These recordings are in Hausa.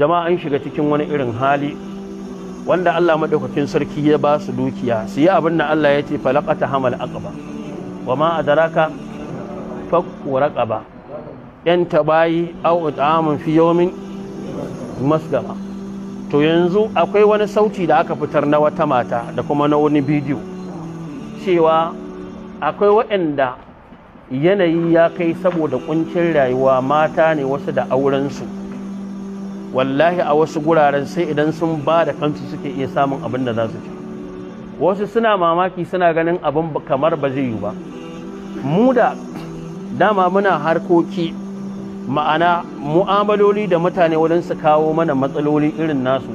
jama'a an shiga cikin wani irin hali wanda Allah madaukakin sarki ya ba su dukiya su yi abin da Allah ya ce falaqata hamal aqaba wa ma adraka faqu raqaba yan tabayi aw it'amun fi yawmin masgaba to yanzu akwai wani sauti da aka fitar na wata mata da kuma na wani bidiyo cewa akwai waɗanda yanayi ya kai saboda kuncin rayuwa mata ne wasu da aurensu wallahi a wasu guraren sai idan sun ba da kansu suke iya samun abin da za su ci wasu suna mamaki suna ganin abin kamar ba zai yi ba mu da dama muna harkoki ma'ana mu'amaloli da mutane wurin su kawo mana matsaloli irin nasu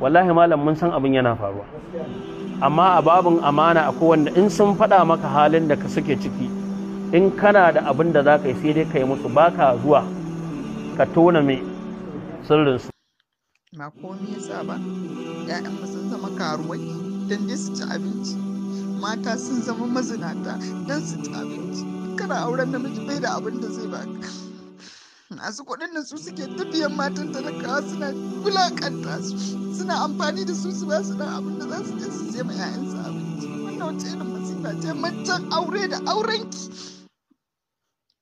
wallahi malam mun san abin yana faruwa amma a babin amana a kowanne in sun faɗa maka halin da ka suke ciki in kana da abin da za ka yi sai dai ka yi musu baka zuwa ka tona mai Na ba me yasa ba ba sun zama karuwai don dai su ci abinci mata sun zama mazinata don su ci abinci kana auren namiji bai da abin da zai baka masu kuɗin da su suke tafiyan matan talakawa suna wulakanta su suna amfani da su su ba su dan abin da za su je su sai ma ‘ya'yansu abinci wannan wace irin masifa ce mancan aure da aurenki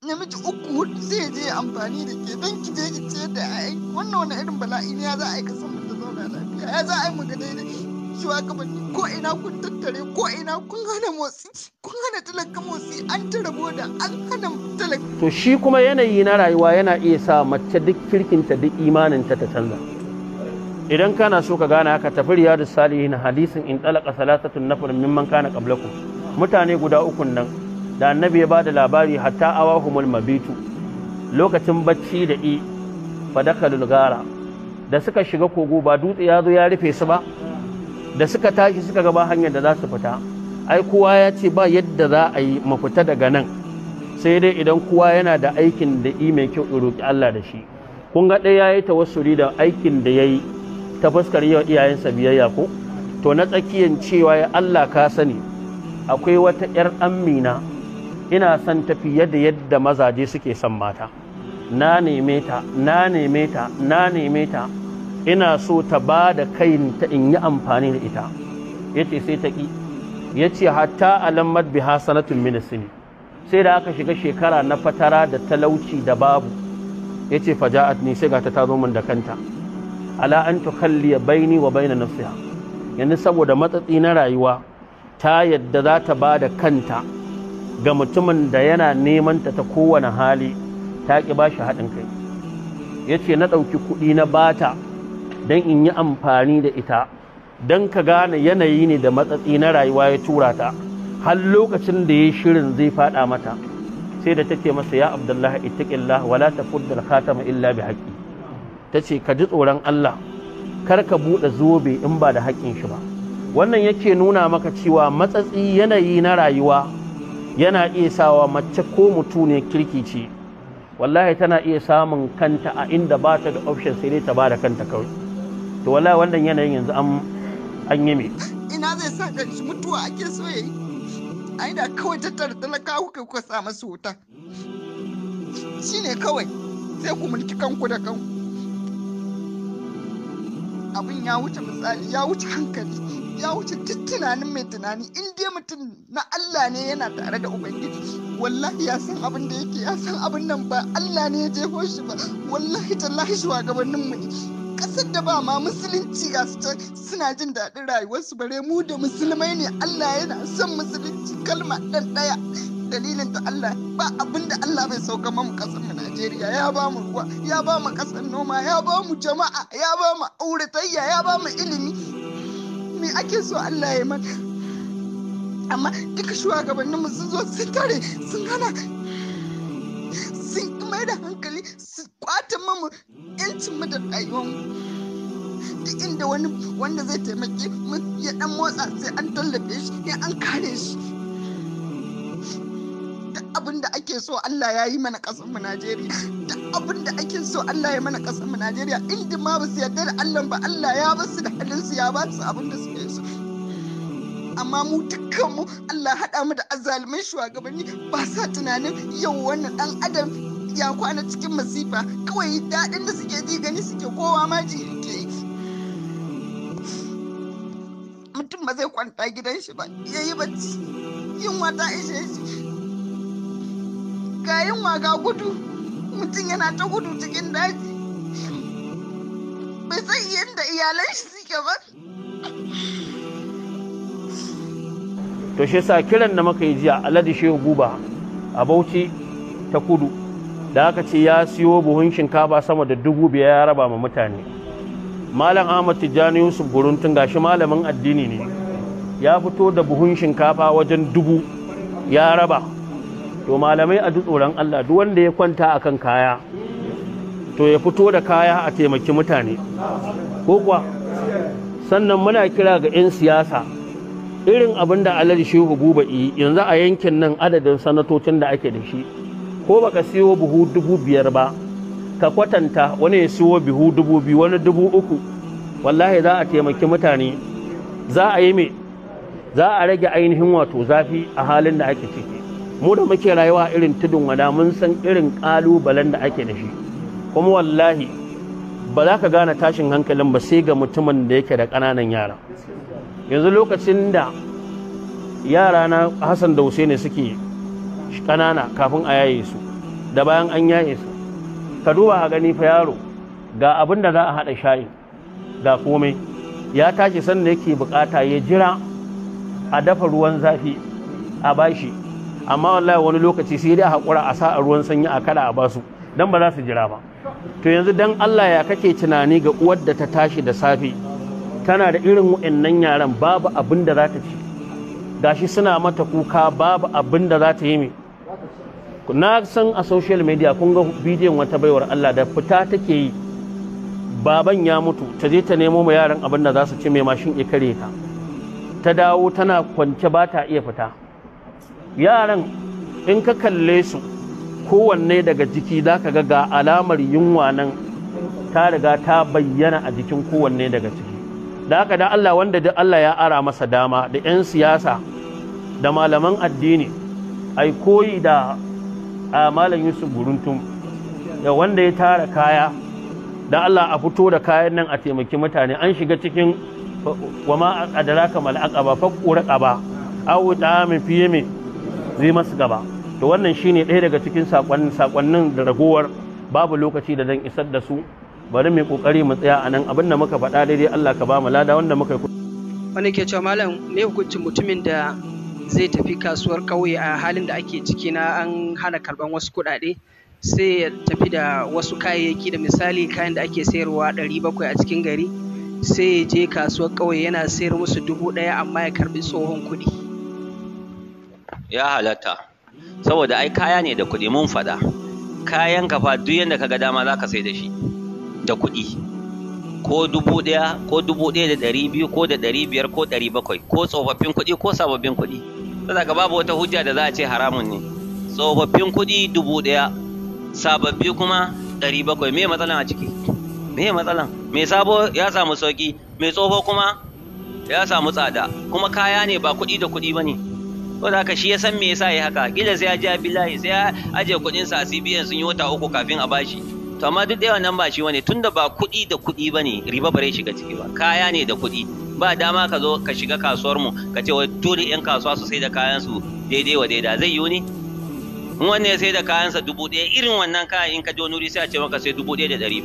namiji uku hudu zai je amfani da ke don ki je ki ciyar da ai wannan wani irin bala'i ne ya za a yi kasan ta zauna lafiya ya za a yi mu ga daidai shugabanni ko ina kun tattare ko ina kun hana motsi kun hana talaka motsi an ta rabo da an hana talaka. to shi kuma yanayi na rayuwa yana iya sa mace duk kirkinta duk imaninta ta canza idan kana so ka gane haka tafi riyadu salihin hadisin in talaka salatatun nafar mimman kana qablakum mutane guda ukun nan da annabi ya ba da labari hatta awahumul mabitu lokacin bacci da i fadakalul gara da suka shiga kogo ba dutse ya zo ya rufe su ba da suka tashi suka gaba hanyar da za su fita ai kowa ya ce ba yadda za a yi mafita daga nan sai dai idan kowa yana da aikin da i mai kyau in roƙi Allah da shi kun ga ɗaya ya yi tawassuli da aikin da ya yi ta fuskar yawa iyayensa biyayya ko to na tsakiyan cewa ya Allah ka sani akwai wata 'yar amina ina son tafiye da yadda mazaje suke son mata na neme ta na neme ta na neme ta ina so ta ba da ta in yi amfani da ita ya ce sai ta ƙi ya ce hatta alammar biha sanatun minisini sai da aka shiga shekara na fatara da talauci da babu ya ce faja'at ne sai ga ta zo min da kanta ala an tukalliya baini wa baina nafsiha yanzu saboda matsatsi na rayuwa ta yadda za ta ba da kanta ga mutumin da yana neman ta ta kowane hali ta ki ba shi haɗin kai ya ce na ɗauki kuɗi na bata don in yi amfani da ita don ka gane yanayi ne da matsatsi na rayuwa ya tura ta har lokacin da ya shirin zai faɗa mata sai da take masa ya abdullahi ittaqillah wala tafuddal khatama illa bi haqqi tace ka ji tsoron Allah kar ka buɗe zobe in ba da haƙƙin shi ba wannan yake nuna maka cewa matsatsi yanayi na rayuwa yana iya sawa mace ko mutu ne kirki ce wallahi tana iya samun kanta a inda ba ta da option sai dai ta ba da kanta kawai to wallahi wannan yanayin yanzu an an yi me ina zai sa ka mutuwa ake so yayi ai da kawai tattara talaka kuka kuka sa masa wuta shine kawai sai ku mulki kanku da kanku abin ya wuce misali ya wuce hankali ya wuce duk tunanin mai tunani in dai mutum na Allah ne yana tare da ubangiji wallahi ya san abin da yake ya san abin nan ba Allah ne ya jefo shi ba wallahi tallahi shugabannin mu ne kasar da ba ma musulunci ga su suna jin daɗin rayuwarsu bare mu da musulmai ne Allah yana son musulunci kalma ɗan ɗaya dalilin ta Allah ba abin da Allah bai sauka mu kasar mu Najeriya ya ba mu ruwa ya ba mu kasar noma ya ba mu jama'a ya ba mu auratayya ya ba mu ilimi me ake so Allah ya mana amma duka shugabannin mu sun zo sun tare sun hana sun mai da hankali su kwata mamu yancin mu da rayuwar duk inda wani wanda zai taimake mu ya dan motsa sai an tallafe shi ya an kare shi abin da ake so Allah ya yi mana ƙasar mu Najeriya duk abin da ake so Allah ya mana ƙasar mu Najeriya inda ma ba su yarda da Allah ba Allah ya ba su da halin su ya ba su abin da suke so amma mu dukkan mu Allah haɗa mu da azzalumin shugabanni ba sa tunanin yau wannan dan adam ya kwana cikin masifa kawai daɗin da suke ji gani suke kowa ma ji ke yi mutum ba zai kwanta gidan shi ba yayi bacci yin wata ishe shi ga yunwa ga gudu mutum yana ta gudu cikin daji bai san yadda iyalan shi suke ba to shi sa kiran da muka yi jiya alade shehu guba a bauchi ta kudu da aka ce ya siyo buhun shinkafa sama da dubu biyar ya raba ma mutane malam ahmad tijjani yusuf guruntun shi malamin addini ne ya fito da buhun shinkafa wajen dubu ya raba to malamai a duk tsoron Allah duk wanda ya kwanta akan kaya to ya fito da kaya a taimaki mutane ko kuwa sannan muna kira ga 'yan siyasa irin abin da alhaji shehu buba yi yanzu a yankin nan adadin sanatocin da ake da shi ko baka siyo buhu dubu biyar ba ka kwatanta wani ya siyo buhu dubu biyu wani dubu uku wallahi za a taimaki mutane za a yi me za a rage ainihin wato zafi a halin da ake ciki mu da muke rayuwa irin tudun wada mun san irin ƙalubalen da ake da shi kuma wallahi ba za ka gane tashin hankalin ba sai ga mutumin da yake da kananan yara yanzu lokacin da yara na hassan da ne suke ƙanana kafin a yaye su da bayan an yaye su ka duba a gani fa yaro ga abin da za a haɗa shayi ga komai ya tashi sanda yake bukata ya jira a dafa ruwan zafi a bashi amma wallahi wani lokaci sai dai hakura a sa a ruwan sanyi a kada a basu dan ba za su jira ba to yanzu dan Allah ya kake tunani ga uwar da ta tashi da safe tana da irin wa'annan yaran babu abin da za ta ci gashi suna mata kuka babu abin da za ta yi na san a social media kun ga bidiyon wata baiwar Allah da fita take yi baban ya mutu ta je ta nemo ma yaran abin da za su ci mai mashin ikare ta ta dawo tana kwance ba ta iya fita yaran in ka kalle su kowanne daga jiki za ka ga alamar yunwa nan ta riga ta bayyana a jikin kowanne daga ciki da haka da Allah wanda da Allah ya ara masa dama da 'yan siyasa da malaman addini ai koyi da a malam Yusuf Guruntum da wanda ya tara kaya da Allah a fito da kayan nan a taimaki mutane an shiga cikin wa ma adraka mal aqaba fa qura qaba aw ta min fiye zai masu gaba to wannan shine ɗaya daga cikin sakonnin da ragowar babu lokaci da zan isar da su bari mai kokari mu tsaya a nan abin da muka faɗa daidai Allah ka ba mu lada wanda muka yi wani ke cewa malam me hukuncin mutumin da zai tafi kasuwar kauye a halin da ake ciki na an hana karban wasu kuɗaɗe sai ya tafi da wasu kayayyaki da misali kayan da ake sayarwa ɗari bakwai a cikin gari sai ya je kasuwar kauye yana sayar musu dubu ɗaya amma ya karbi tsohon kuɗi ya halatta saboda ai kaya ne da kuɗi mun faɗa kayan ka fa duk yanda ka ga dama za ka sai da shi da kuɗi ko dubu ɗaya ko dubu ɗaya da ɗari biyu ko da ɗari biyar ko ɗari bakwai ko tsofaffin kuɗi ko sababbin kuɗi saboda ka babu wata hujja da za a ce haramun ne tsofaffin kuɗi dubu ɗaya sababbi kuma ɗari bakwai me matsalan a ciki me matsalan me sabo ya samu sauki me tsoho kuma ya samu tsada kuma kaya ne ba kuɗi da kuɗi ba ne saboda haka shi ya san me yasa ya haka kila sai ya ja bilahi sai ya aje kuɗin sa a CBN sun yi wata uku kafin a bashi to amma duk da nan ba shi wani tunda ba kuɗi da kuɗi bane riba bare shiga ciki ba kaya ne da kuɗi ba dama ka zo ka shiga kasuwar mu ka ce wai dole yan kasuwa su sai da kayan su daidai wa daidai. zai yiwu ne in wanne ya sai da sa dubu ɗaya irin wannan kayan in ka je nuri sai a ce maka sai dubu ɗaya da ɗari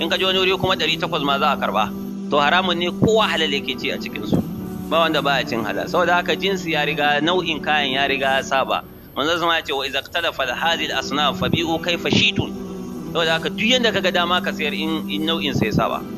in ka je nuri kuma ɗari takwas ma za a karba to haramun ne kowa halal yake ci a cikin su ba wanda baya cin halal saboda haka jinsi ya riga nau'in kayan ya riga ya saba manzo zama ya ce wa idza ikhtalafa hadhihi al-asnaf fabi'u kayfa shitun saboda haka duk yanda kaga dama ka sayar in nau'in sai saba